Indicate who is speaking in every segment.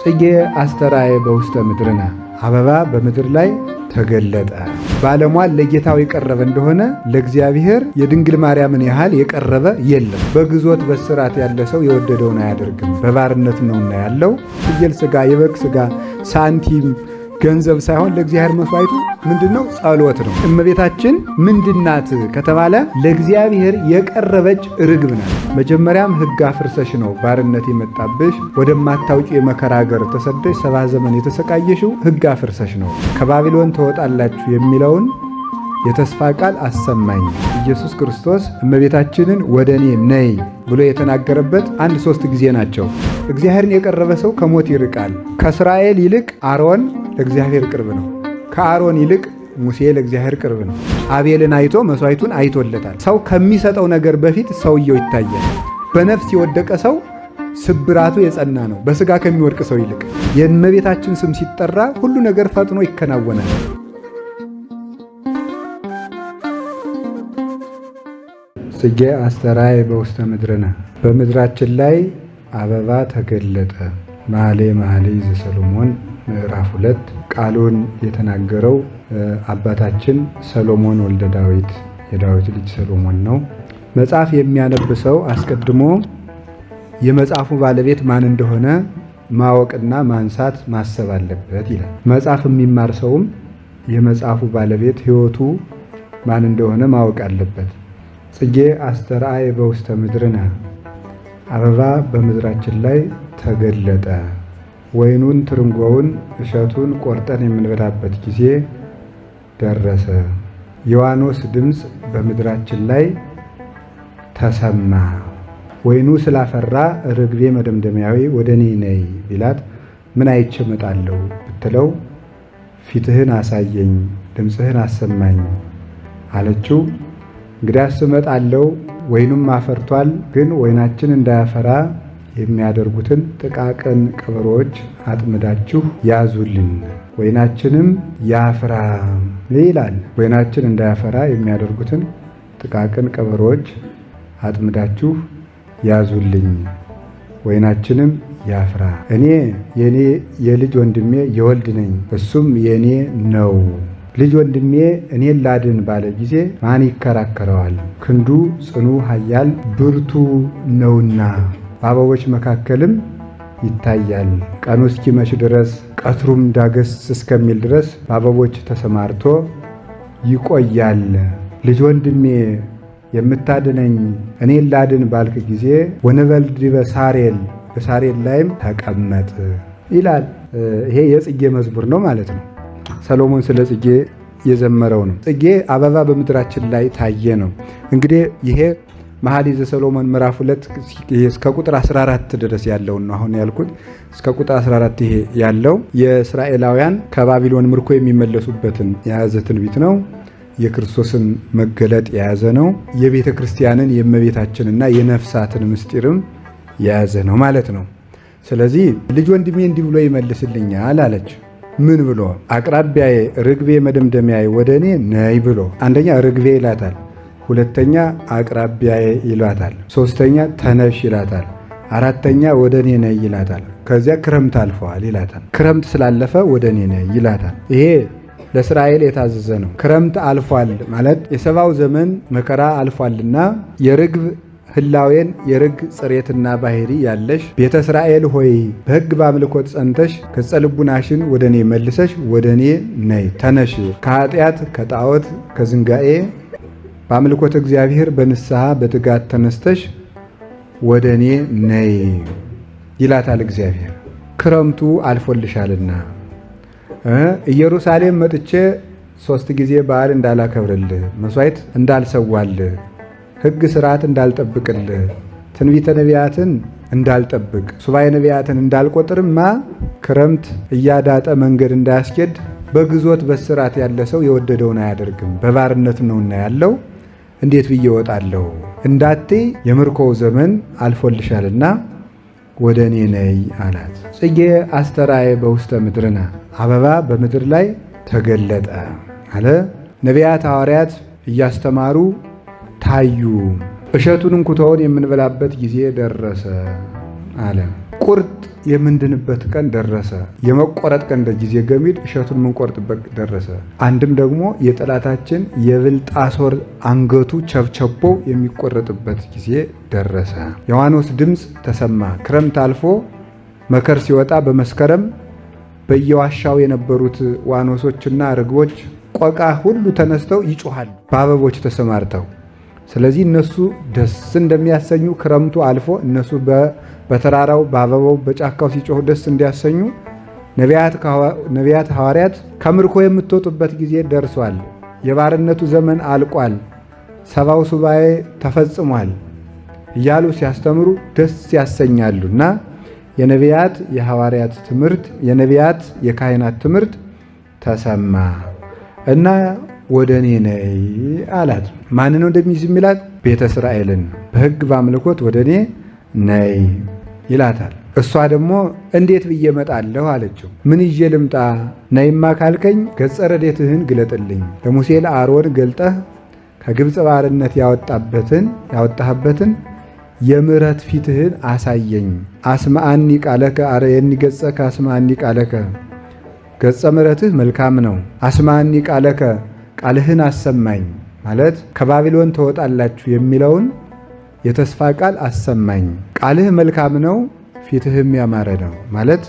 Speaker 1: ጽጌ አስተራየ በውስተ ምድርነ አበባ በምድር ላይ ተገለጠ። ባለሟል ለጌታው የቀረበ እንደሆነ ለእግዚአብሔር የድንግል ማርያምን ያህል የቀረበ የለም። በግዞት በስራት ያለ ሰው የወደደውን አያደርግም። በባርነት ነውና ያለው ፍየል ስጋ፣ የበግ ስጋ፣ ሳንቲም ገንዘብ ሳይሆን ለእግዚአብሔር መስዋዕቱ ምንድነው? ጸሎት ነው። እመቤታችን ምንድናት ከተባለ ለእግዚአብሔር የቀረበች ርግብ ናት። መጀመሪያም ሕግ አፍርሰሽ ነው ባርነት የመጣብሽ ወደማታውቂ የመከራ ሀገር ተሰደሽ ሰባ ዘመን የተሰቃየሽው ሕግ አፍርሰሽ ነው። ከባቢሎን ተወጣላችሁ የሚለውን የተስፋ ቃል አሰማኝ ኢየሱስ ክርስቶስ እመቤታችንን ወደ እኔ ነይ ብሎ የተናገረበት አንድ ሶስት ጊዜ ናቸው። እግዚአብሔርን የቀረበ ሰው ከሞት ይርቃል። ከእስራኤል ይልቅ አሮን ለእግዚአብሔር ቅርብ ነው። ከአሮን ይልቅ ሙሴ ለእግዚአብሔር ቅርብ ነው። አቤልን አይቶ መስዋዕቱን አይቶለታል። ሰው ከሚሰጠው ነገር በፊት ሰውየው ይታያል። በነፍስ የወደቀ ሰው ስብራቱ የጸና ነው በስጋ ከሚወድቅ ሰው ይልቅ። የእመቤታችን ስም ሲጠራ ሁሉ ነገር ፈጥኖ ይከናወናል። ጽጌ አስተራየ በውስተ ምድርነ፣ በምድራችን ላይ አበባ ተገለጠ። መኃልየ መኃልይ ዘሰሎሞን ምዕራፍ ሁለት ቃሉን የተናገረው አባታችን ሰሎሞን ወልደ ዳዊት የዳዊት ልጅ ሰሎሞን ነው። መጽሐፍ የሚያነብ ሰው አስቀድሞ የመጽሐፉ ባለቤት ማን እንደሆነ ማወቅና ማንሳት ማሰብ አለበት ይላል። መጽሐፍ የሚማር ሰውም የመጽሐፉ ባለቤት ሕይወቱ ማን እንደሆነ ማወቅ አለበት። ጽጌ አስተርአየ በውስተ ምድርነ፣ አበባ በምድራችን ላይ ተገለጠ ወይኑን ትርንጎውን እሸቱን ቆርጠን የምንበላበት ጊዜ ደረሰ። የዋኖስ ድምፅ በምድራችን ላይ ተሰማ። ወይኑ ስላፈራ ርግቤ መደምደሚያዊ ወደ እኔ ነይ ቢላት ምን አይቼ እመጣለሁ ብትለው ፊትህን አሳየኝ ድምፅህን አሰማኝ አለችው። እንግዲያስ እመጣለሁ፣ ወይኑም አፈርቷል፣ ግን ወይናችን እንዳያፈራ የሚያደርጉትን ጥቃቅን ቀበሮዎች አጥምዳችሁ ያዙልን፣ ወይናችንም ያፍራ ይላል። ወይናችን እንዳያፈራ የሚያደርጉትን ጥቃቅን ቀበሮዎች አጥምዳችሁ ያዙልኝ፣ ወይናችንም ያፍራ። እኔ የኔ የልጅ ወንድሜ የወልድ ነኝ፣ እሱም የእኔ ነው። ልጅ ወንድሜ እኔን ላድን ባለ ጊዜ ማን ይከራከረዋል? ክንዱ ጽኑ ኃያል ብርቱ ነውና በአበቦች መካከልም ይታያል። ቀኑ እስኪመሽ ድረስ ቀትሩም ዳገስ እስከሚል ድረስ በአበቦች ተሰማርቶ ይቆያል። ልጅ ወንድሜ የምታድነኝ እኔ ላድን ባልክ ጊዜ ወንበልድበ ሳሬል በሳሬል ላይም ተቀመጥ ይላል። ይሄ የጽጌ መዝሙር ነው ማለት ነው። ሰሎሞን ስለ ጽጌ የዘመረው ነው። ጽጌ አበባ በምድራችን ላይ ታየ ነው። እንግዲህ ይሄ መኃልየ ዘሰሎሞን ምዕራፍ 2 ከቁጥር 14 ድረስ ያለውን ነው አሁን ያልኩት። እስከ ቁጥር 14 ይሄ ያለው የእስራኤላውያን ከባቢሎን ምርኮ የሚመለሱበትን የያዘ ትንቢት ነው። የክርስቶስን መገለጥ የያዘ ነው። የቤተ ክርስቲያንን የእመቤታችንና የነፍሳትን ምስጢርም የያዘ ነው ማለት ነው። ስለዚህ ልጅ ወንድሜ እንዲህ ብሎ ይመልስልኛል አለች። ምን ብሎ? አቅራቢያዬ ርግቤ መደምደሚያዬ ወደ እኔ ነይ ብሎ። አንደኛ ርግቤ ይላታል። ሁለተኛ አቅራቢያዬ ይሏታል። ሶስተኛ ተነሽ ይላታል። አራተኛ ወደ እኔ ነይ ይላታል። ከዚያ ክረምት አልፈዋል ይላታል። ክረምት ስላለፈ ወደ እኔ ነይ ይላታል። ይሄ ለእስራኤል የታዘዘ ነው። ክረምት አልፏል ማለት የሰባው ዘመን መከራ አልፏልና የርግብ ህላዌን የርግ ጽሬትና ባህሪ ያለሽ ቤተ እስራኤል ሆይ በሕግ በአምልኮት ጸንተሽ ከጸልቡናሽን ወደ እኔ መልሰሽ ወደ እኔ ነይ ተነሽ ከኃጢአት ከጣዖት ከዝንጋኤ በአምልኮት እግዚአብሔር በንስሐ በትጋት ተነስተሽ ወደ እኔ ነይ ይላታል እግዚአብሔር። ክረምቱ አልፎልሻልና ኢየሩሳሌም መጥቼ ሶስት ጊዜ በዓል እንዳላከብርልህ፣ መስዋዕት እንዳልሰዋልህ፣ ሕግ ስርዓት እንዳልጠብቅልህ፣ ትንቢተ ነቢያትን እንዳልጠብቅ፣ ሱባኤ ነቢያትን እንዳልቆጥርማ ክረምት እያዳጠ መንገድ እንዳያስኬድ በግዞት በስርዓት ያለ ሰው የወደደውን አያደርግም፣ በባርነት ነውና ያለው። እንዴት ብዬ እወጣለሁ? እንዳቴ የምርኮው ዘመን አልፎልሻልና ወደ እኔ ነይ አላት። ጽጌ አስተራየ በውስተ ምድርነ አበባ በምድር ላይ ተገለጠ አለ። ነቢያት ሐዋርያት እያስተማሩ ታዩ። እሸቱን እንኩተውን የምንበላበት ጊዜ ደረሰ አለ። ቁርጥ የምንድንበት ቀን ደረሰ። የመቆረጥ ቀን እንደ ጊዜ እሸቱን የምንቆርጥበት ደረሰ። አንድም ደግሞ የጠላታችን የብልጣሶር አንገቱ ቸብቸቦ የሚቆረጥበት ጊዜ ደረሰ። የዋኖስ ድምፅ ተሰማ። ክረምት አልፎ መከር ሲወጣ በመስከረም በየዋሻው የነበሩት ዋኖሶችና ርግቦች ቆቃ ሁሉ ተነስተው ይጮኋሉ በአበቦች ተሰማርተው ስለዚህ እነሱ ደስ እንደሚያሰኙ ክረምቱ አልፎ እነሱ በተራራው በአበባው በጫካው ሲጮሁ ደስ እንዲያሰኙ ነቢያት ሐዋርያት ከምርኮ የምትወጡበት ጊዜ ደርሷል፣ የባርነቱ ዘመን አልቋል፣ ሰባው ሱባኤ ተፈጽሟል እያሉ ሲያስተምሩ ደስ ያሰኛሉ እና የነቢያት የሐዋርያት ትምህርት የነቢያት የካህናት ትምህርት ተሰማ እና ወደ እኔ ነይ አላት። ማን ነው እንደሚይዝ የሚላት? ቤተ እስራኤልን በሕግ በአምልኮት ወደ እኔ ነይ ይላታል። እሷ ደግሞ እንዴት ብዬ እመጣለሁ አለችው። ምን ይዤ ልምጣ? ነይማ ካልከኝ ገጸ ረዴትህን ግለጥልኝ ለሙሴ ለአሮን ገልጠህ ከግብፅ ባርነት ያወጣበትን ያወጣህበትን የምሕረት ፊትህን አሳየኝ። አስማአኒ ቃለከ አርየኒ ገጸከ አስማአኒ ቃለከ ገጸ ምሕረትህ መልካም ነው። አስማአኒ ቃለከ ቃልህን አሰማኝ ማለት ከባቢሎን ተወጣላችሁ የሚለውን የተስፋ ቃል አሰማኝ። ቃልህ መልካም ነው፣ ፊትህም ያማረ ነው ማለት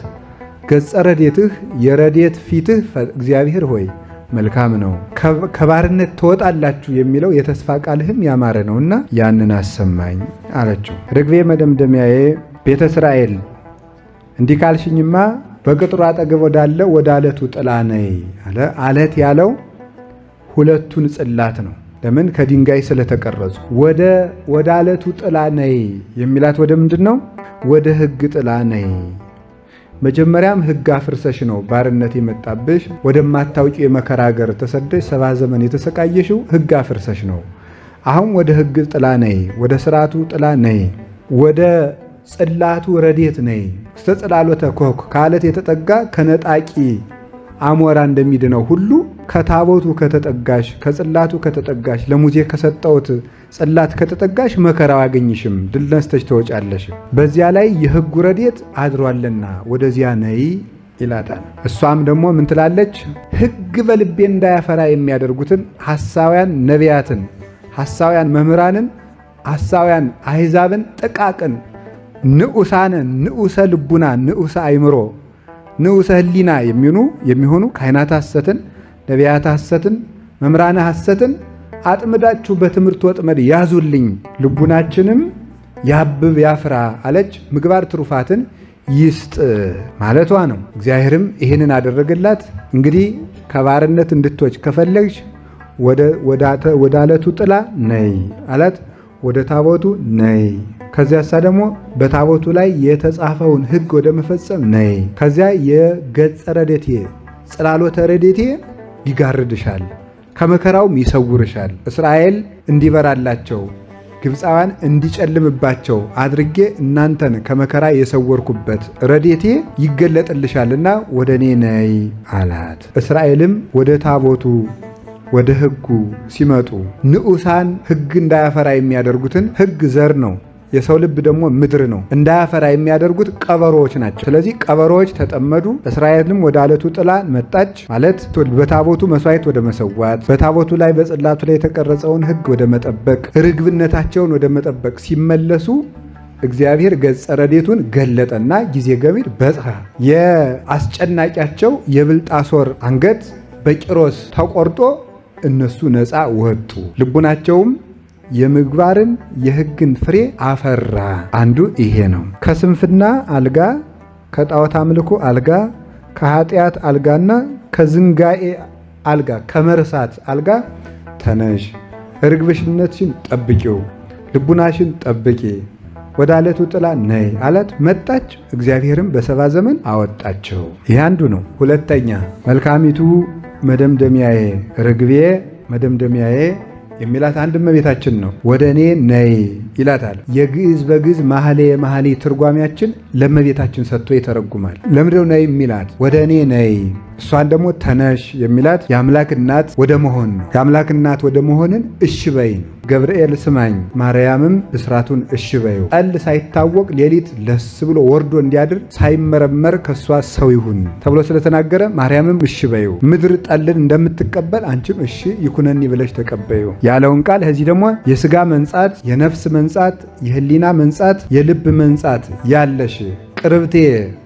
Speaker 1: ገጸ ረዴትህ የረዴት ፊትህ እግዚአብሔር ሆይ መልካም ነው፣ ከባርነት ትወጣላችሁ የሚለው የተስፋ ቃልህም ያማረ ነው እና ያንን አሰማኝ አለችው። ርግቤ መደምደሚያዬ ቤተ እስራኤል እንዲህ ካልሽኝማ በቅጥሩ አጠገብ ወዳለው ወደ አለቱ ጥላ ነይ አለ። አለት ያለው ሁለቱን ጽላት ነው። ለምን ከድንጋይ ስለተቀረጹ። ወደ ወደ አለቱ ጥላ ነይ የሚላት ወደ ምንድን ነው? ወደ ሕግ ጥላ ነይ። መጀመሪያም ሕግ አፍርሰሽ ነው ባርነት የመጣብሽ ወደማታውቂ የመከራ ሀገር ተሰደሽ ሰባ ዘመን የተሰቃየሽው ሕግ አፍርሰሽ ነው። አሁን ወደ ሕግ ጥላ ነይ፣ ወደ ስርዓቱ ጥላ ነይ፣ ወደ ጽላቱ ረዴት ነይ። እስተ ጽላሎተ ኮክ ከአለት የተጠጋ ከነጣቂ አሞራ እንደሚድነው ሁሉ ከታቦቱ ከተጠጋሽ ከጽላቱ ከተጠጋሽ ለሙሴ ከሰጠውት ጽላት ከተጠጋሽ መከራው አገኝሽም ድል ነስተሽ ተወጫለሽ። በዚያ ላይ የሕጉ ረድኤት አድሯልና ወደዚያ ነይ ይላታል። እሷም ደግሞ ምን ትላለች? ሕግ በልቤ እንዳያፈራ የሚያደርጉትን ሐሳውያን ነቢያትን፣ ሐሳውያን መምህራንን፣ ሐሳውያን አሕዛብን፣ ጥቃቅን ንዑሳነ ንዑሰ ልቡና፣ ንዑሰ አይምሮ፣ ንዑሰ ሕሊና የሚሆኑ ካህናት ሐሰትን ነቢያት ሐሰትን፣ መምራነ ሐሰትን አጥምዳችሁ በትምህርት ወጥመድ ያዙልኝ፣ ልቡናችንም ያብብ ያፍራ አለች። ምግባር ትሩፋትን ይስጥ ማለቷ ነው። እግዚአብሔርም ይህንን አደረገላት። እንግዲህ ከባርነት እንድትወጭ ከፈለግሽ ወደ አለቱ ጥላ ነይ አላት። ወደ ታቦቱ ነይ። ከዚያሳ ደግሞ በታቦቱ ላይ የተጻፈውን ሕግ ወደ መፈጸም ነይ። ከዚያ የገጸ ረዴቴ ጽላሎተ ረዴቴ ይጋርድሻል፣ ከመከራውም ይሰውርሻል። እስራኤል እንዲበራላቸው ግብፃውያን እንዲጨልምባቸው አድርጌ እናንተን ከመከራ የሰወርኩበት ረዴቴ ይገለጥልሻልና ወደ እኔ ነይ አላት። እስራኤልም ወደ ታቦቱ ወደ ሕጉ ሲመጡ ንዑሳን ሕግ እንዳያፈራ የሚያደርጉትን ሕግ ዘር ነው የሰው ልብ ደግሞ ምድር ነው። እንዳያፈራ የሚያደርጉት ቀበሮዎች ናቸው። ስለዚህ ቀበሮዎች ተጠመዱ። እስራኤልም ወደ አለቱ ጥላ መጣች። ማለት በታቦቱ መስዋዕት ወደ መሰዋት፣ በታቦቱ ላይ በጽላቱ ላይ የተቀረጸውን ሕግ ወደ መጠበቅ፣ ርግብነታቸውን ወደ መጠበቅ ሲመለሱ እግዚአብሔር ገጸ ረዴቱን ገለጠና ጊዜ ገቢር በጽሐ የአስጨናቂያቸው የብልጣሶር አንገት በቂሮስ ተቆርጦ እነሱ ነፃ ወጡ። ልቡናቸውም የምግባርን የሕግን ፍሬ አፈራ። አንዱ ይሄ ነው። ከስንፍና አልጋ፣ ከጣዖት አምልኮ አልጋ፣ ከኃጢአት አልጋና ከዝንጋኤ አልጋ፣ ከመርሳት አልጋ ተነሽ። እርግብሽነትሽን ጠብቂው፣ ልቡናሽን ጠብቂ፣ ወደ አለቱ ጥላ ነይ አላት። መጣች፣ እግዚአብሔርም በሰባ ዘመን አወጣቸው። ይህ አንዱ ነው። ሁለተኛ መልካሚቱ መደምደሚያዬ ርግቤ መደምደሚያዬ የሚላት አንድ እመቤታችን ነው። ወደ እኔ ነይ ይላታል። የግዕዝ በግዕዝ ማህሌ የማህሌ ትርጓሚያችን ለእመቤታችን ሰጥቶ ይተረጉማል። ለምንድነው ነይ የሚላት? ወደ እኔ ነይ እሷን ደግሞ ተነሽ የሚላት የአምላክ እናት ወደ መሆን ነው። የአምላክ እናት ወደ መሆንን እሽ በይ ነው። ገብርኤል ስማኝ፣ ማርያምም እስራቱን እሽ በዩ። ጠል ሳይታወቅ ሌሊት ለስ ብሎ ወርዶ እንዲያድር ሳይመረመር ከእሷ ሰው ይሁን ተብሎ ስለተናገረ ማርያምም እሽ በዩ። ምድር ጠልን እንደምትቀበል አንቺም እሺ ይኩነኒ ብለሽ ተቀበዩ ያለውን ቃል እዚህ ደግሞ የስጋ መንጻት፣ የነፍስ መንጻት፣ የህሊና መንጻት፣ የልብ መንጻት ያለሽ ቅርብቴ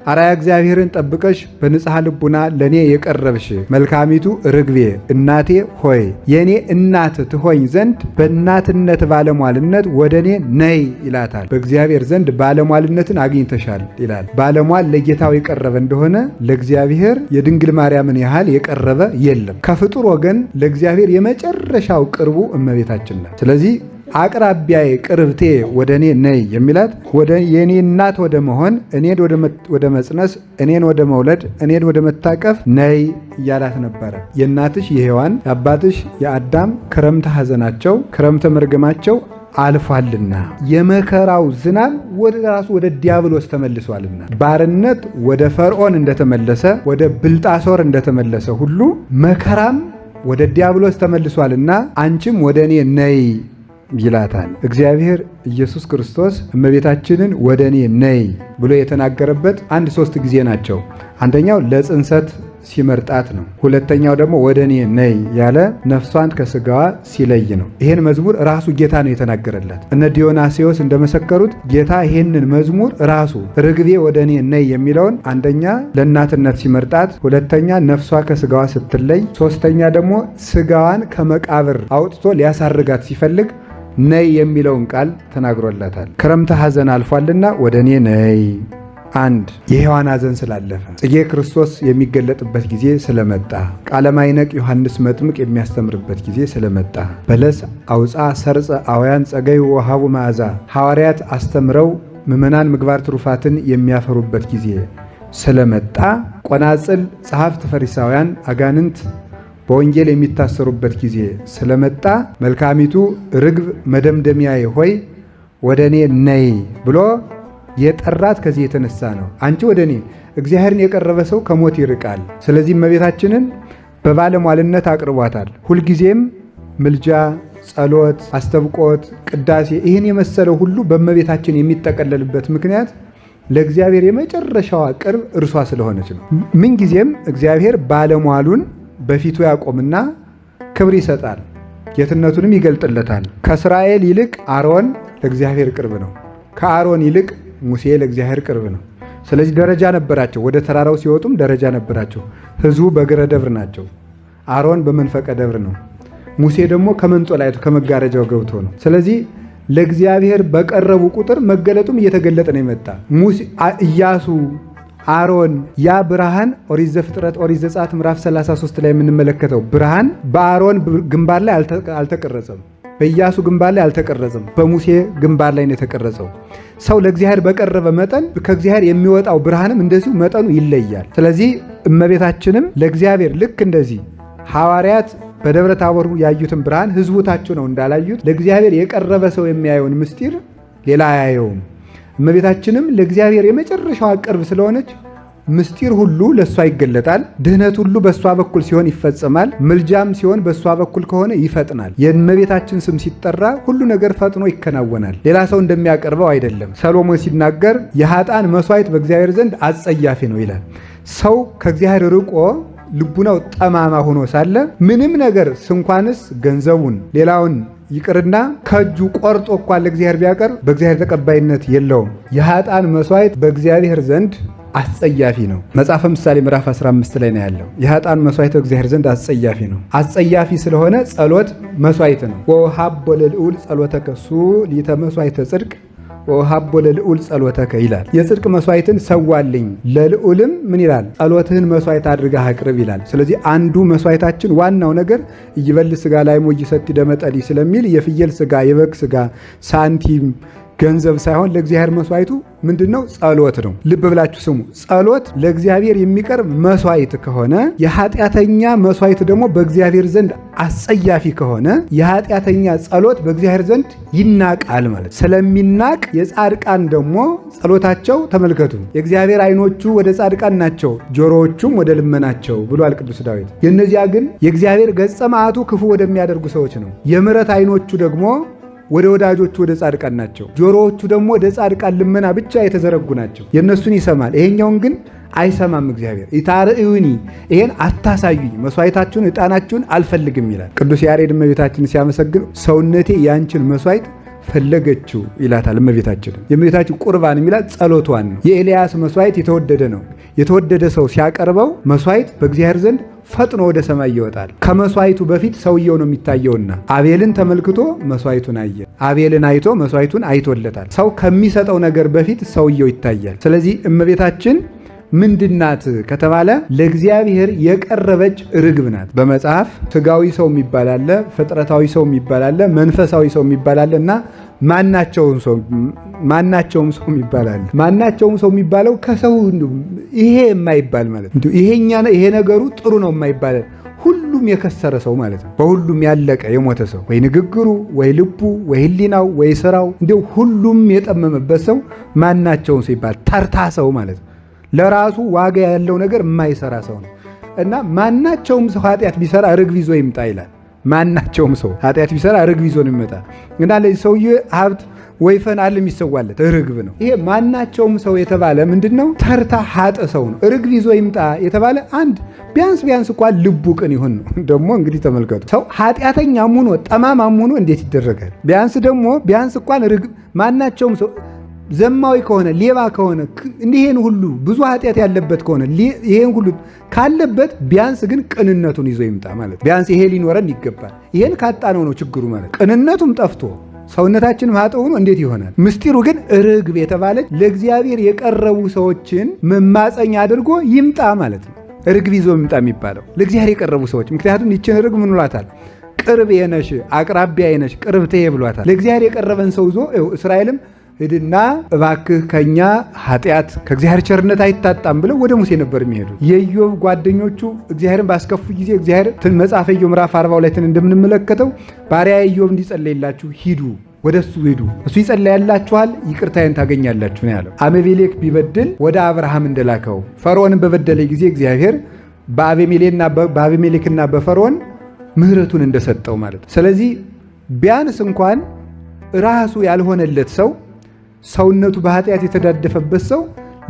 Speaker 1: አራያ እግዚአብሔርን ጠብቀሽ በንጽሐ ልቡና ለእኔ የቀረብሽ መልካሚቱ ርግቤ እናቴ ሆይ የእኔ እናት ትሆኝ ዘንድ በእናትነት ባለሟልነት ወደ እኔ ነይ ይላታል። በእግዚአብሔር ዘንድ ባለሟልነትን አግኝተሻል ይላል። ባለሟል ለጌታው የቀረበ እንደሆነ ለእግዚአብሔር የድንግል ማርያምን ያህል የቀረበ የለም። ከፍጡር ወገን ለእግዚአብሔር የመጨረሻው ቅርቡ እመቤታችን ናት። ስለዚህ አቅራቢያዬ ቅርብቴ ወደ እኔ ነይ የሚላት የእኔ እናት ወደ መሆን እኔን ወደ መጽነስ እኔን ወደ መውለድ እኔን ወደ መታቀፍ ነይ እያላት ነበረ። የእናትሽ የሔዋን የአባትሽ የአዳም ክረምተ ሐዘናቸው ክረምተ መርገማቸው አልፏልና የመከራው ዝናብ ወደ ራሱ ወደ ዲያብሎስ ተመልሷልና ባርነት ወደ ፈርዖን እንደተመለሰ ወደ ብልጣሶር እንደተመለሰ ሁሉ መከራም ወደ ዲያብሎስ ተመልሷልና አንቺም ወደ እኔ ነይ ይላታል። እግዚአብሔር ኢየሱስ ክርስቶስ እመቤታችንን ወደ እኔ ነይ ብሎ የተናገረበት አንድ ሶስት ጊዜ ናቸው። አንደኛው ለጽንሰት ሲመርጣት ነው። ሁለተኛው ደግሞ ወደ እኔ ነይ ያለ ነፍሷን ከስጋዋ ሲለይ ነው። ይህን መዝሙር ራሱ ጌታ ነው የተናገረለት። እነ ዲዮናሲዎስ እንደመሰከሩት ጌታ ይሄንን መዝሙር ራሱ ርግቤ ወደ እኔ ነይ የሚለውን አንደኛ ለእናትነት ሲመርጣት፣ ሁለተኛ ነፍሷ ከስጋዋ ስትለይ፣ ሶስተኛ ደግሞ ስጋዋን ከመቃብር አውጥቶ ሊያሳርጋት ሲፈልግ ነይ የሚለውን ቃል ተናግሮላታል። ክረምተ ሐዘን አልፏልና ወደ እኔ ነይ። አንድ የሔዋን ሐዘን ስላለፈ ጽጌ ክርስቶስ የሚገለጥበት ጊዜ ስለመጣ ቃለማይነቅ ዮሐንስ መጥምቅ የሚያስተምርበት ጊዜ ስለመጣ በለስ አውፃ ሰርፀ አውያን ጸገይ ውሃቡ መዓዛ ሐዋርያት አስተምረው ምመናን ምግባር ትሩፋትን የሚያፈሩበት ጊዜ ስለመጣ ቆናጽል ጸሐፍት ፈሪሳውያን አጋንንት በወንጌል የሚታሰሩበት ጊዜ ስለመጣ መልካሚቱ ርግብ መደምደሚያዬ ሆይ ወደ እኔ ነይ ብሎ የጠራት ከዚህ የተነሳ ነው። አንቺ ወደ እኔ እግዚአብሔርን የቀረበ ሰው ከሞት ይርቃል። ስለዚህ እመቤታችንን በባለሟልነት አቅርቧታል። ሁልጊዜም ምልጃ፣ ጸሎት፣ አስተብቆት፣ ቅዳሴ ይህን የመሰለው ሁሉ በእመቤታችን የሚጠቀለልበት ምክንያት ለእግዚአብሔር የመጨረሻዋ ቅርብ እርሷ ስለሆነች ነው። ምንጊዜም እግዚአብሔር ባለሟሉን በፊቱ ያቆምና ክብር ይሰጣል፣ ጌትነቱንም ይገልጥለታል። ከእስራኤል ይልቅ አሮን ለእግዚአብሔር ቅርብ ነው። ከአሮን ይልቅ ሙሴ ለእግዚአብሔር ቅርብ ነው። ስለዚህ ደረጃ ነበራቸው። ወደ ተራራው ሲወጡም ደረጃ ነበራቸው። ህዝቡ በግረ ደብር ናቸው። አሮን በመንፈቀ ደብር ነው። ሙሴ ደግሞ ከመንጦላይቱ ከመጋረጃው ገብቶ ነው። ስለዚህ ለእግዚአብሔር በቀረቡ ቁጥር መገለጡም እየተገለጠ ነው የመጣ ኢያሱ አሮን ያ ብርሃን ኦሪት ዘፍጥረት ኦሪት ዘጸአት ምዕራፍ 33 ላይ የምንመለከተው ብርሃን በአሮን ግንባር ላይ አልተቀረጸም። በኢያሱ ግንባር ላይ አልተቀረጸም። በሙሴ ግንባር ላይ ነው የተቀረጸው። ሰው ለእግዚአብሔር በቀረበ መጠን ከእግዚአብሔር የሚወጣው ብርሃንም እንደዚሁ መጠኑ ይለያል። ስለዚህ እመቤታችንም ለእግዚአብሔር ልክ እንደዚህ ሐዋርያት በደብረ ታቦር ያዩትን ብርሃን ህዝቡታቸው ነው እንዳላዩት ለእግዚአብሔር የቀረበ ሰው የሚያየውን ምስጢር ሌላ አያየውም። እመቤታችንም ለእግዚአብሔር የመጨረሻዋ ቅርብ ስለሆነች ምስጢር ሁሉ ለእሷ ይገለጣል። ድህነት ሁሉ በእሷ በኩል ሲሆን ይፈጸማል። ምልጃም ሲሆን በእሷ በኩል ከሆነ ይፈጥናል። የእመቤታችን ስም ሲጠራ ሁሉ ነገር ፈጥኖ ይከናወናል። ሌላ ሰው እንደሚያቀርበው አይደለም። ሰሎሞን ሲናገር የኃጥአን መሥዋዕት በእግዚአብሔር ዘንድ አጸያፊ ነው ይላል። ሰው ከእግዚአብሔር ርቆ ልቡናው ጠማማ ሆኖ ሳለ ምንም ነገር ስንኳንስ ገንዘቡን ሌላውን ይቅርና ከእጁ ቆርጦ እንኳን ለእግዚአብሔር ቢያቀርብ በእግዚአብሔር ተቀባይነት የለውም። የሀጣን መስዋዕት በእግዚአብሔር ዘንድ አስጸያፊ ነው። መጽሐፈ ምሳሌ ምዕራፍ 15 ላይ ነው ያለው። የኃጣን መስዋዕት በእግዚአብሔር ዘንድ አስጸያፊ ነው። አስጸያፊ ስለሆነ ጸሎት መስዋዕት ነው። ወሀቦ ለልዑል ጸሎተ ከሱ ሊተ መስዋዕተ ጽድቅ ወሃቦ ለልዑል ጸሎተከ ይላል። የጽድቅ መስዋዕትን ሰዋልኝ ለልዑልም ምን ይላል? ጸሎትህን መስዋዕት አድርገህ አቅርብ ይላል። ስለዚህ አንዱ መስዋዕታችን ዋናው ነገር እይበል ስጋ ላይሞ ሰጥ ደመጠሊ ስለሚል የፍየል ስጋ፣ የበግ ስጋ፣ ሳንቲም ገንዘብ ሳይሆን ለእግዚአብሔር መስዋዕቱ ምንድን ነው? ጸሎት ነው። ልብ ብላችሁ ስሙ። ጸሎት ለእግዚአብሔር የሚቀርብ መስዋዕት ከሆነ የኃጢአተኛ መስዋዕት ደግሞ በእግዚአብሔር ዘንድ አስጸያፊ ከሆነ የኃጢአተኛ ጸሎት በእግዚአብሔር ዘንድ ይናቃል ማለት ስለሚናቅ የጻድቃን ደግሞ ጸሎታቸው ተመልከቱ። የእግዚአብሔር ዓይኖቹ ወደ ጻድቃን ናቸው፣ ጆሮዎቹም ወደ ልመናቸው ብሏል ቅዱስ ዳዊት። የእነዚያ ግን የእግዚአብሔር ገጸ መዓቱ ክፉ ወደሚያደርጉ ሰዎች ነው። የምሕረት ዓይኖቹ ደግሞ ወደ ወዳጆቹ ወደ ጻድቃን ናቸው። ጆሮዎቹ ደግሞ ወደ ጻድቃን ልመና ብቻ የተዘረጉ ናቸው። የእነሱን ይሰማል። ይሄኛውን ግን አይሰማም። እግዚአብሔር ኢታርእዩኒ ይሄን አታሳዩኝ፣ መስዋዕታችሁን ዕጣናችሁን አልፈልግም ይላል ቅዱስ ያሬድ። እመቤታችን ሲያመሰግን ሰውነቴ ያንችን መስዋዕት ፈለገችው ይላታል። እመቤታችን የእመቤታችን ቁርባን የሚላት ጸሎቷን ነው። የኤልያስ መስዋዕት የተወደደ ነው። የተወደደ ሰው ሲያቀርበው መስዋዕት በእግዚአብሔር ዘንድ ፈጥኖ ወደ ሰማይ ይወጣል። ከመስዋዕቱ በፊት ሰውየው ነው የሚታየውና አቤልን ተመልክቶ መስዋዕቱን አየ። አቤልን አይቶ መስዋዕቱን አይቶለታል። ሰው ከሚሰጠው ነገር በፊት ሰውየው ይታያል። ስለዚህ እመቤታችን ምንድናት ከተባለ ለእግዚአብሔር የቀረበች ርግብ ናት። በመጽሐፍ ስጋዊ ሰው የሚባል አለ፣ ፍጥረታዊ ሰው የሚባል አለ፣ መንፈሳዊ ሰው የሚባል አለ እና ማናቸውም ሰው ማናቸውም ሰው ይባላል። ማናቸውም ሰው የሚባለው ከሰው ይሄ የማይባል ማለት ነው። ይሄኛ ይሄ ነገሩ ጥሩ ነው የማይባል ሁሉም የከሰረ ሰው ማለት ነው። በሁሉም ያለቀ የሞተ ሰው ወይ ንግግሩ፣ ወይ ልቡ፣ ወይ ህሊናው፣ ወይ ስራው እንዲሁ ሁሉም የጠመመበት ሰው ማናቸውም ሰው ይባላል። ተርታ ሰው ማለት ነው። ለራሱ ዋጋ ያለው ነገር የማይሰራ ሰው ነው እና ማናቸውም ሰው ኃጢአት ቢሰራ ርግብ ይዞ ይምጣ ይላል። ማናቸውም ሰው ኃጢአት ቢሰራ ርግብ ይዞ ነው የሚመጣ እና ለዚህ ሰውዬ ሀብት ወይፈን አለ የሚሰዋለት ርግብ ነው። ይሄ ማናቸውም ሰው የተባለ ምንድን ነው? ተርታ ሀጠ ሰው ነው። ርግብ ይዞ ይምጣ የተባለ አንድ ቢያንስ ቢያንስ እንኳን ልቡ ቅን ይሁን ነው። ደግሞ እንግዲህ ተመልከቱ፣ ሰው ኃጢአተኛም ሆኖ ጠማማም ሆኖ እንዴት ይደረጋል? ቢያንስ ደግሞ ቢያንስ እንኳን ርግብ ማናቸውም ሰው ዘማዊ ከሆነ ሌባ ከሆነ እንዲህን ሁሉ ብዙ ኃጢአት ያለበት ከሆነ ይሄን ሁሉ ካለበት ቢያንስ ግን ቅንነቱን ይዞ ይምጣ ማለት ቢያንስ ይሄ ሊኖረን ይገባል። ይሄን ካጣነው ነው ችግሩ ማለት ቅንነቱም ጠፍቶ ሰውነታችን ማጠው ሆኖ እንዴት ይሆናል? ምስጢሩ ግን ርግብ የተባለች ለእግዚአብሔር የቀረቡ ሰዎችን መማፀኛ አድርጎ ይምጣ ማለት ነው። ርግብ ይዞ ይምጣ የሚባለው ለእግዚአብሔር የቀረቡ ሰዎች ምክንያቱም ይችን ርግብ ምን ቅርብ የነሽ አቅራቢያ የነሽ ቅርብ ትሄ ብሏታል። ለእግዚአብሔር የቀረበን ሰው ይዞ እስራኤልም ሂድና እባክህ ከኛ ኃጢአት ከእግዚአብሔር ቸርነት አይታጣም ብለው ወደ ሙሴ ነበር የሚሄዱ። የኢዮብ ጓደኞቹ እግዚአብሔርን ባስከፉ ጊዜ እግዚአብሔር መጽሐፈ ኢዮብ ምዕራፍ 40 ላይ እንደምንመለከተው ባሪያ ኢዮብ እንዲጸለይላችሁ ሂዱ፣ ወደ እሱ ሂዱ፣ እሱ ይጸለያላችኋል፣ ይቅርታዬን ታገኛላችሁ ነው ያለው። አቤሜሌክ ቢበድል ወደ አብርሃም እንደላከው ፈርዖንን በበደለ ጊዜ እግዚአብሔር በአቤሜሌክና በፈርዖን ምሕረቱን እንደሰጠው ማለት ነው። ስለዚህ ቢያንስ እንኳን ራሱ ያልሆነለት ሰው ሰውነቱ በኃጢአት የተዳደፈበት ሰው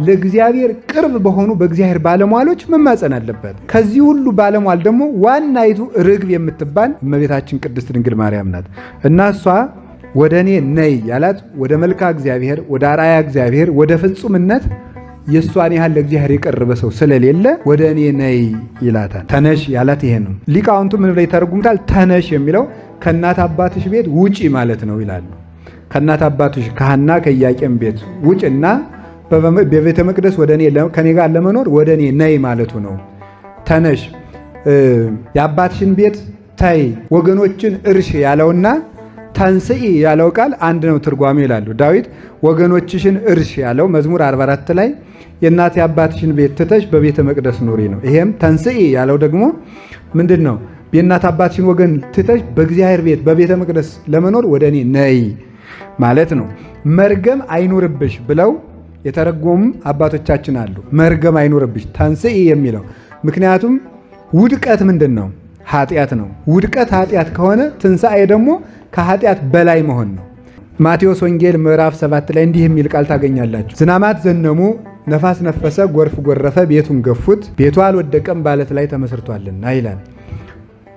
Speaker 1: ለእግዚአብሔር ቅርብ በሆኑ በእግዚአብሔር ባለሟሎች መማፀን አለበት። ከዚህ ሁሉ ባለሟል ደግሞ ዋናይቱ ርግብ የምትባል እመቤታችን ቅድስት ድንግል ማርያም ናት እና እሷ ወደ እኔ ነይ ያላት ወደ መልካ እግዚአብሔር፣ ወደ አርአያ እግዚአብሔር፣ ወደ ፍጹምነት የእሷን ያህል ለእግዚአብሔር የቀረበ ሰው ስለሌለ ወደ እኔ ነይ ይላታል። ተነሽ ያላት ይሄ ነው። ሊቃውንቱ ምን ብለው ተነሽ የሚለው ከእናት አባትሽ ቤት ውጪ ማለት ነው ይላሉ። ከእናት አባቶች ከሐና ከኢያቄም ቤት ውጭና በቤተ መቅደስ ከኔ ጋር ለመኖር ወደ እኔ ነይ ማለቱ ነው። ተነሽ የአባትሽን ቤት ታይ ወገኖችን እርሽ ያለውና ተንስኢ ያለው ቃል አንድ ነው ትርጓሜ ይላሉ። ዳዊት ወገኖችሽን እርሽ ያለው መዝሙር 44 ላይ የእናት የአባትሽን ቤት ትተሽ በቤተ መቅደስ ኑሪ ነው። ይሄም ተንስኢ ያለው ደግሞ ምንድን ነው? የእናት አባትሽን ወገን ትተሽ በእግዚአብሔር ቤት በቤተ መቅደስ ለመኖር ወደ እኔ ነይ ማለት ነው። መርገም አይኑርብሽ ብለው የተረጎሙ አባቶቻችን አሉ። መርገም አይኑርብሽ ተንስኢ የሚለው ምክንያቱም ውድቀት ምንድን ነው? ኃጢአት ነው። ውድቀት ኃጢአት ከሆነ ትንሣኤ ደግሞ ከኃጢአት በላይ መሆን ነው። ማቴዎስ ወንጌል ምዕራፍ 7 ላይ እንዲህ የሚል ቃል ታገኛላችሁ። ዝናማት ዘነሙ፣ ነፋስ ነፈሰ፣ ጎርፍ ጎረፈ፣ ቤቱን ገፉት፣ ቤቱ አልወደቀም፣ ባለት ላይ ተመስርቷልና ይላል።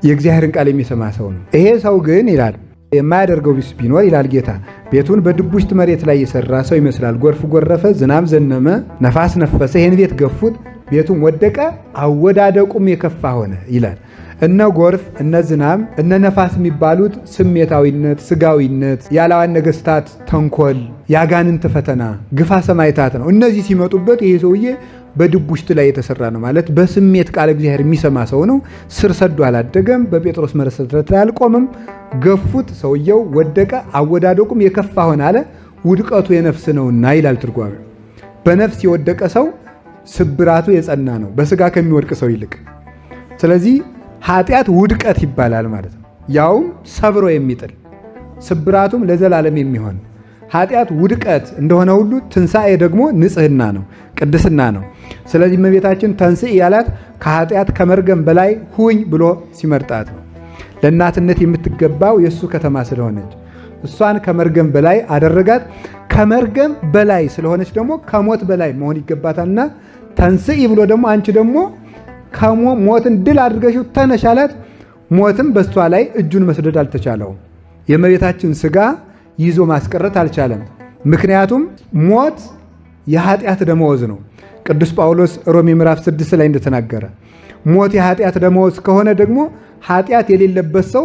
Speaker 1: የእግዚአብሔርን ቃል የሚሰማ ሰው ነው ይሄ ሰው ግን ይላል የማያደርገው ቢኖር ይላል ጌታ፣ ቤቱን በድቡሽት መሬት ላይ የሰራ ሰው ይመስላል። ጎርፍ ጎረፈ፣ ዝናብ ዘነመ፣ ነፋስ ነፈሰ፣ ይህን ቤት ገፉት ቤቱም ወደቀ፣ አወዳደቁም የከፋ ሆነ ይላል። እነ ጎርፍ፣ እነ ዝናም፣ እነ ነፋስ የሚባሉት ስሜታዊነት፣ ስጋዊነት፣ ያለዋን ነገስታት ተንኮል፣ ያጋንንት ፈተና፣ ግፋ ሰማይታት ነው። እነዚህ ሲመጡበት ይሄ ሰውዬ በድቡሽት ላይ የተሰራ ነው ማለት በስሜት ቃል እግዚአብሔር የሚሰማ ሰው ነው። ስር ሰዶ አላደገም፣ በጴጥሮስ መሰረት ላይ አልቆምም። ገፉት፣ ሰውየው ወደቀ፣ አወዳደቁም የከፋ ሆነ አለ። ውድቀቱ የነፍስ ነውና ይላል ትርጓሜ። በነፍስ የወደቀ ሰው ስብራቱ የጸና ነው በስጋ ከሚወድቅ ሰው ይልቅ። ስለዚህ ኃጢአት ውድቀት ይባላል ማለት ነው። ያውም ሰብሮ የሚጥል ስብራቱም ለዘላለም የሚሆን ኃጢአት ውድቀት እንደሆነ ሁሉ ትንሣኤ ደግሞ ንጽህና ነው፣ ቅድስና ነው። ስለዚህ እመቤታችን ተንስእ ያላት ከኃጢአት ከመርገም በላይ ሁኝ ብሎ ሲመርጣት ነው። ለእናትነት የምትገባው የእሱ ከተማ ስለሆነች እሷን ከመርገም በላይ አደረጋት። ከመርገም በላይ ስለሆነች ደግሞ ከሞት በላይ መሆን ይገባታልና ተንስኢ ብሎ ደግሞ አንቺ ደግሞ ሞትን ድል አድርገሽው ተነሻላት። ሞትም በእሷ ላይ እጁን መስደድ አልተቻለውም። የመቤታችን ስጋ ይዞ ማስቀረት አልቻለም። ምክንያቱም ሞት የኃጢአት ደመወዝ ነው። ቅዱስ ጳውሎስ ሮሜ ምዕራፍ 6 ላይ እንደተናገረ ሞት የኃጢአት ደመወዝ ከሆነ ደግሞ ኃጢአት የሌለበት ሰው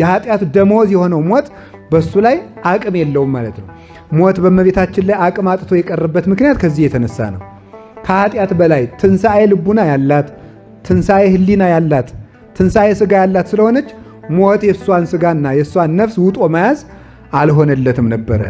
Speaker 1: የኃጢአት ደሞዝ የሆነው ሞት በእሱ ላይ አቅም የለውም ማለት ነው። ሞት በእመቤታችን ላይ አቅም አጥቶ የቀረበት ምክንያት ከዚህ የተነሳ ነው። ከኃጢአት በላይ ትንሣኤ ልቡና ያላት፣ ትንሣኤ ህሊና ያላት፣ ትንሣኤ ሥጋ ያላት ስለሆነች ሞት የእሷን ሥጋና የእሷን ነፍስ ውጦ መያዝ አልሆነለትም ነበረ።